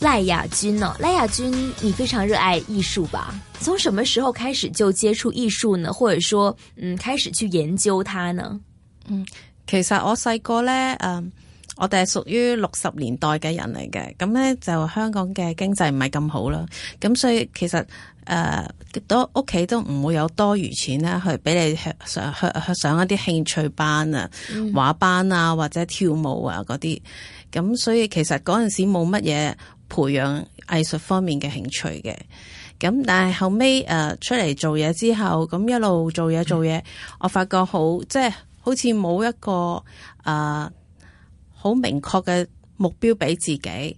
賴雅君哦，賴雅君，你非常熱愛藝術吧？從什麼時候開始就接觸藝術呢？或者說，嗯，開始去研究它呢？嗯，其實我細個咧，誒、呃，我哋係屬於六十年代嘅人嚟嘅，咁咧就香港嘅經濟唔係咁好啦，咁所以其實誒多屋企都唔會有多餘錢啦，去俾你上去上一啲興趣班啊，畫班啊，或者跳舞啊嗰啲，咁所以其實嗰陣時冇乜嘢。培養藝術方面嘅興趣嘅，咁但係後尾誒出嚟做嘢之後，咁一路做嘢做嘢，我發覺即好即係好似冇一個誒好、啊、明確嘅目標俾自己。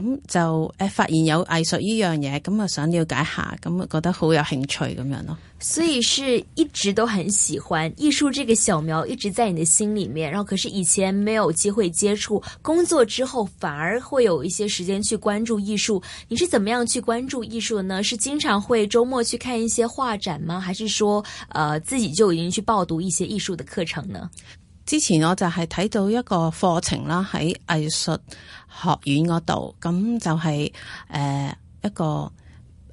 咁就誒，發現有藝術呢樣嘢，咁啊想了解下，咁啊覺得好有興趣咁樣咯。所以是一直都很喜歡藝術，藝術這個小苗一直在你的心裏面。然後，可是以前沒有機會接觸，工作之後反而會有一些時間去關注藝術。你是怎麼樣去關注藝術呢？是經常會周末去看一些畫展嗎？還是說，呃，自己就已經去報讀一些藝術的課程呢？之前我就係睇到一個課程啦，喺藝術學院嗰度，咁就係、是、誒、呃、一個誒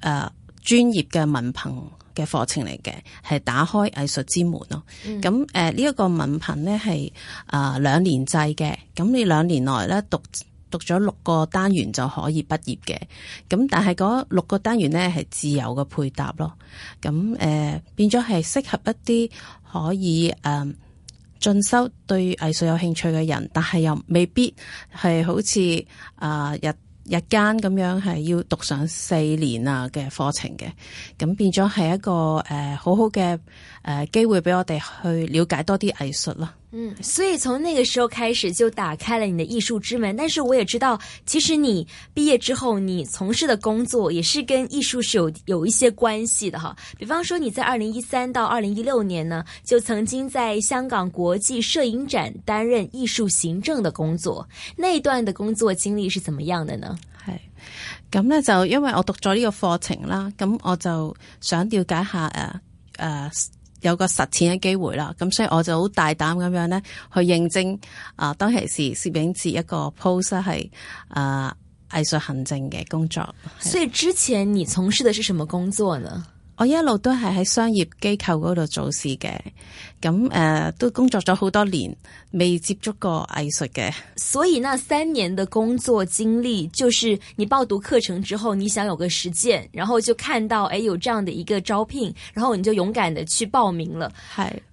專、呃、業嘅文憑嘅課程嚟嘅，係打開藝術之門咯。咁誒呢一個文憑呢係誒兩年制嘅，咁你兩年內呢，讀讀咗六個單元就可以畢業嘅。咁但係嗰六個單元呢係自由嘅配搭咯。咁誒、呃、變咗係適合一啲可以誒。呃進修對藝術有興趣嘅人，但係又未必係好似啊、呃、日日間咁樣係要讀上四年啊嘅課程嘅，咁變咗係一個誒、呃、好好嘅誒、呃、機會俾我哋去了解多啲藝術咯。嗯，所以從那個時候開始就打開了你的藝術之門。但是我也知道，其實你畢業之後，你從事的工作也是跟藝術是有有一些關係的哈。比方說，你在二零一三到二零一六年呢，就曾經在香港國際攝影展擔任藝術行政的工作。那一段的工作經歷是怎麼樣的呢？係咁呢，就因為我讀咗呢個課程啦，咁我就想了解下誒誒。Uh, uh, 有個實踐嘅機會啦，咁所以我就好大膽咁樣咧去應徵啊，當其時攝影節一個 post 係誒、呃、藝術行政嘅工作。所以之前你從事嘅係什麼工作呢？我一路都係喺商業機構嗰度做事嘅，咁誒、呃、都工作咗好多年，未接觸過藝術嘅，所以那三年的工作經歷，就是你報讀課程之後，你想有個實踐，然後就看到誒、欸、有這樣的一個招聘，然後你就勇敢的去報名了。係。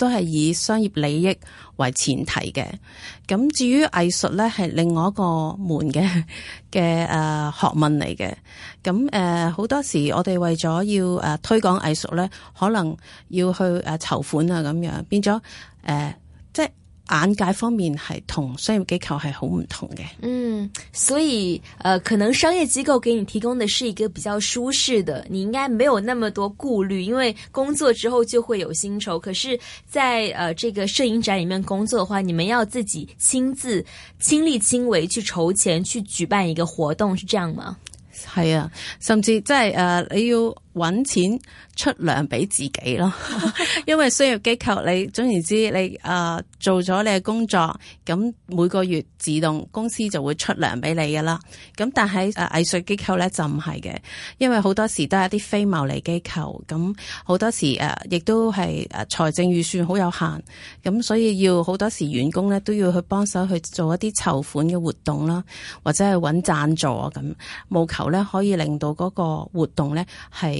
都係以商業利益為前提嘅，咁至於藝術咧，係另外一個門嘅嘅誒學問嚟嘅。咁誒，好多時我哋為咗要誒推廣藝術咧，可能要去誒籌款啊，咁樣變咗誒、呃、即。眼界方面係同商業機構係好唔同嘅，嗯，所以呃可能商業機構給你提供嘅是一個比較舒適的，你應該沒有那麼多顧慮，因為工作之後就會有薪酬。可是在，在呃，這個攝影展裏面工作嘅話，你們要自己親自親力親為去籌錢去舉辦一個活動，是這樣嗎？係啊，甚至即係、呃、你要搵錢出糧俾自己咯，因為商業機構你總言之你誒做咗你嘅工作，咁每個月自動公司就會出糧俾你噶啦咁但係誒藝術機構呢就唔係嘅，因為好多時都係一啲非牟利機構，咁好多時誒亦都係誒財政預算好有限，咁所以要好多時員工呢都要去幫手去做一啲籌款嘅活動啦，或者係搵讚助啊，咁，務求呢，可以令到嗰個活動呢係。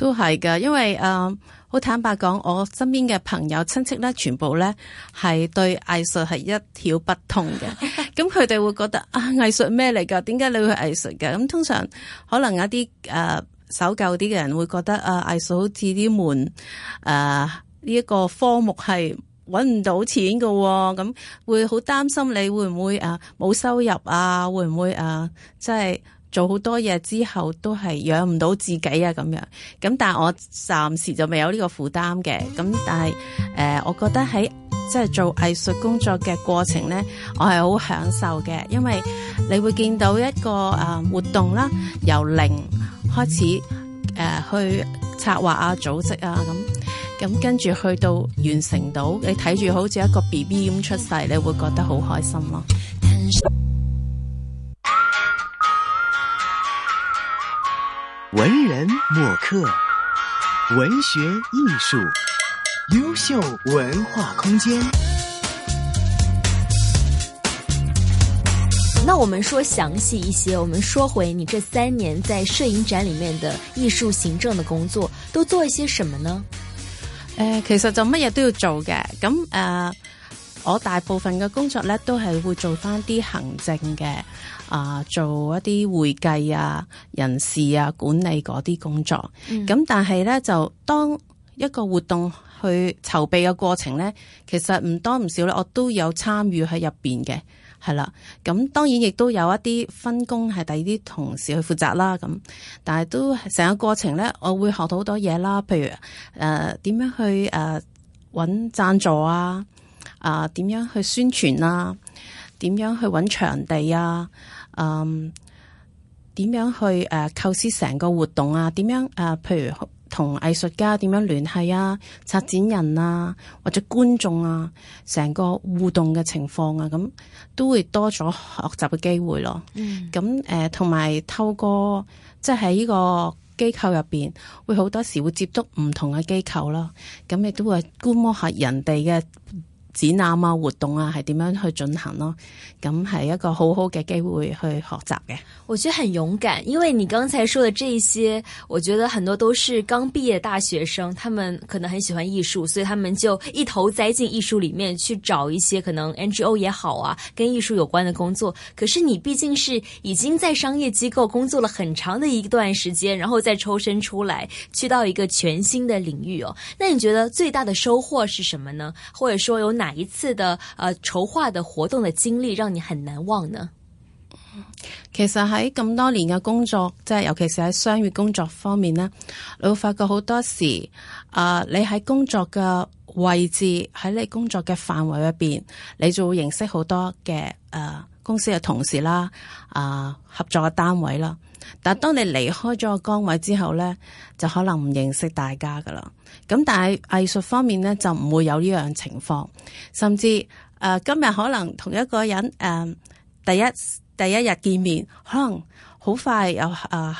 都係噶，因為誒好、嗯、坦白講，我身邊嘅朋友親戚咧，全部咧係對藝術係一竅不通嘅。咁佢哋會覺得啊，藝術咩嚟㗎？點解你會去藝術嘅？咁通常可能有啲誒守舊啲嘅人會覺得啊，藝術好似啲門誒呢一個科目係揾唔到錢㗎喎、哦，咁會好擔心你會唔會啊冇收入啊？會唔會啊？即、就、係、是。做好多嘢之後都係養唔到自己啊咁樣，咁但係我暫時就未有呢個負擔嘅，咁但係、呃、我覺得喺即係做藝術工作嘅過程呢，我係好享受嘅，因為你會見到一個誒、呃、活動啦，由零開始誒、呃、去策劃啊、組織啊咁，咁跟住去到完成到，你睇住好似一個 B B 咁出世你會覺得好開心咯、啊。文人墨客，文學藝術，優秀文化空間。那我們說詳細一些，我們說回你這三年在攝影展裏面的藝術行政的工作都做一些什麼呢？誒，其實做乜嘢都要做嘅，咁、嗯、誒。我大部分嘅工作呢，都係會做返啲行政嘅，啊、呃，做一啲會計啊、人事啊、管理嗰啲工作。咁、嗯、但係呢，就當一個活動去籌備嘅過程呢，其實唔多唔少咧，我都有參與喺入面嘅，係啦。咁當然亦都有一啲分工係第二啲同事去負責啦。咁但係都成個過程呢，我會學到好多嘢啦。譬如誒點、呃、樣去誒搵、呃、贊助啊？啊、呃、點樣去宣傳啊？點樣去搵場地啊？嗯，點樣去誒、呃、構思成個活動啊？點樣誒、呃，譬如同藝術家點樣聯繫啊？策展人啊，或者觀眾啊，成個互動嘅情況啊，咁都會多咗學習嘅機會咯。嗯，咁誒同埋透過即係喺呢個機構入面，會好多時會接觸唔同嘅機構囉。咁亦都會觀摩下人哋嘅展覽啊、活動啊，係點樣去進行咯？咁係一個好好嘅機會去學習嘅。我覺得很勇敢，因為你剛才說的這一些，我覺得很多都是剛畢業大學生，他們可能很喜歡藝術，所以他們就一頭栽進藝術裡面去找一些可能 NGO 也好啊，跟藝術有關的工作。可是你畢竟是已經在商業機構工作了很長的一段時間，然後再抽身出來去到一個全新的領域哦。那你覺得最大的收穫是什麼呢？或者說有？哪一次的誒、呃、籌劃的活動的經歷，讓你很難忘呢？其實喺咁多年嘅工作，即係尤其是喺商業工作方面呢，你會發覺好多時，誒、呃、你喺工作嘅位置喺你工作嘅範圍入邊，你就會認識好多嘅誒、呃、公司嘅同事啦，誒、呃、合作嘅單位啦。但係當你離開咗個崗位之後呢，就可能唔認識大家㗎喇。咁但係藝術方面咧，就唔會有呢樣情況，甚至誒、呃、今日可能同一個人誒、呃、第一第一日見面，可能好快又誒、呃、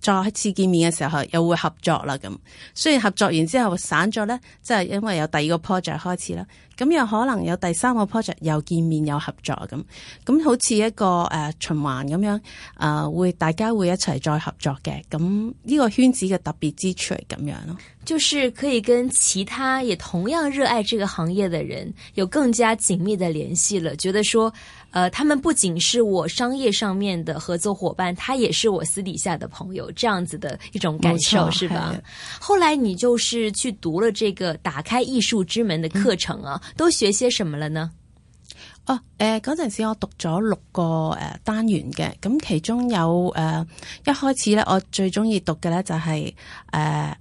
再一次見面嘅時候又會合作啦。咁雖然合作完之後散咗咧，即、就、係、是、因為有第二個 project 開始啦，咁又可能有第三個 project 又見面又合作咁，咁好似一個誒、呃、循環咁樣誒，會、呃、大家會一齊再合作嘅。咁呢個圈子嘅特別之處係咁樣咯。就是可以跟其他也同樣熱愛這個行業的人有更加緊密的聯繫了。覺得說，呃，他們不僅是我商業上面的合作伙伴，他也是我私底下的朋友，這樣子的一種感受，是吧是？後來你就是去讀了這個打開藝術之門的課程啊，嗯、都學些什麼了呢？哦，誒、呃，嗰陣時我讀咗六個誒、呃、單元嘅，咁其中有誒、呃、一開始咧，我最中意讀嘅咧就係、是、誒。呃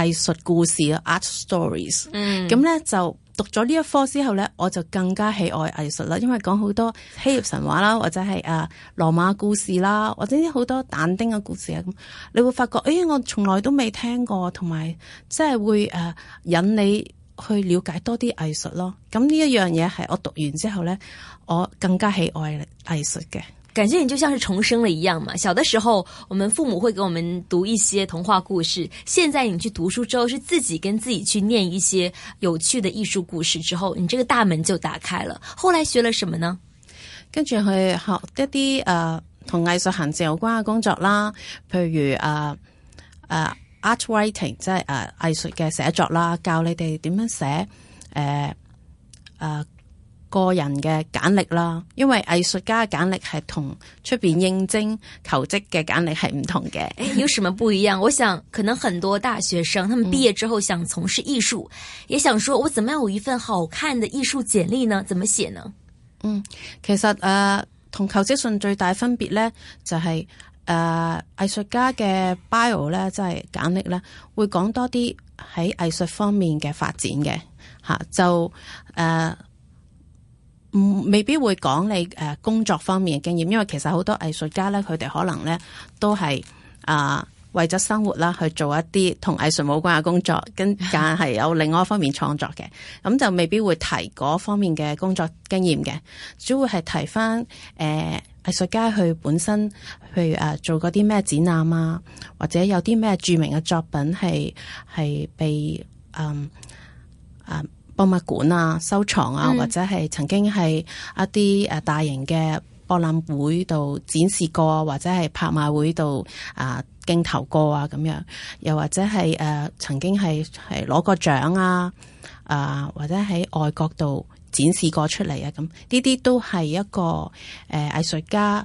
藝術故事啊，art stories，咁、嗯、咧就讀咗呢一科之後咧，我就更加喜愛藝術啦。因為講好多希臘神話啦，或者係誒、啊、羅馬故事啦，或者啲好多但丁嘅故事啊，咁你會發覺誒、哎，我從來都未聽過，同埋即係會誒、啊、引你去了解多啲藝術咯。咁呢一樣嘢係我讀完之後咧，我更加喜愛藝術嘅。感覺你就像是重生了一樣嘛。小的時候，我們父母會給我們讀一些童話故事。現在你去讀書之後，是自己跟自己去念一些有趣的藝術故事之後，你這個大門就打開了。後來學了什麼呢？跟住去學一啲呃同藝術行政有關嘅工作啦，譬如，呃、啊啊 art writing，即係啊、呃、藝術嘅寫作啦，教你哋點樣寫誒、呃、啊。個人嘅簡歷啦，因為藝術家嘅簡歷係同出邊應徵求職嘅簡歷係唔同嘅。有什麼不一樣？我想可能很多大學生，他們畢業之後想從事藝術、嗯，也想說我怎麼樣有一份好看的藝術簡歷呢？怎麼寫呢？嗯，其實誒，同、呃、求職信最大分別呢，就係誒藝術家嘅 bio 呢，即、就、係、是、簡歷呢，會講多啲喺藝術方面嘅發展嘅吓、啊，就誒。呃唔未必會講你誒工作方面嘅經驗，因為其實好多藝術家咧，佢哋可能咧都係啊為咗生活啦去做一啲同藝術冇關嘅工作，跟但係有另外一方面創作嘅，咁 就未必會提嗰方面嘅工作經驗嘅，主要係提翻誒藝術家佢本身去誒做過啲咩展覽啊，或者有啲咩著名嘅作品係係被嗯啊。呃呃博物館啊、收藏啊，嗯、或者係曾經係一啲大型嘅博覽會度展示過，或者係拍賣會度啊競投過啊咁樣，又或者係、呃、曾經係攞過獎啊啊、呃，或者喺外國度展示過出嚟啊咁，呢啲都係一個、呃、藝術家。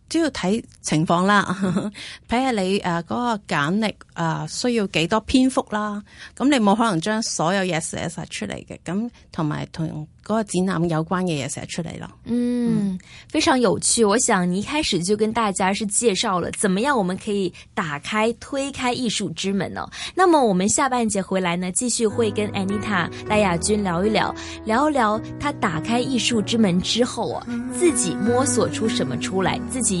主要睇情況啦，睇下你誒嗰個簡歷啊需要幾多篇幅啦，咁你冇可能將所有嘢寫晒出嚟嘅，咁同埋同嗰個展覽有關嘅嘢寫出嚟咯。嗯，非常有趣。我想你一開始就跟大家是介紹了，怎麼樣我們可以打開、推開藝術之門哦。那麼我們下半節回來呢，繼續會跟 Anita、戴雅君聊一聊，聊一聊她打開藝術之門之後啊，自己摸索出什麼出來，自己。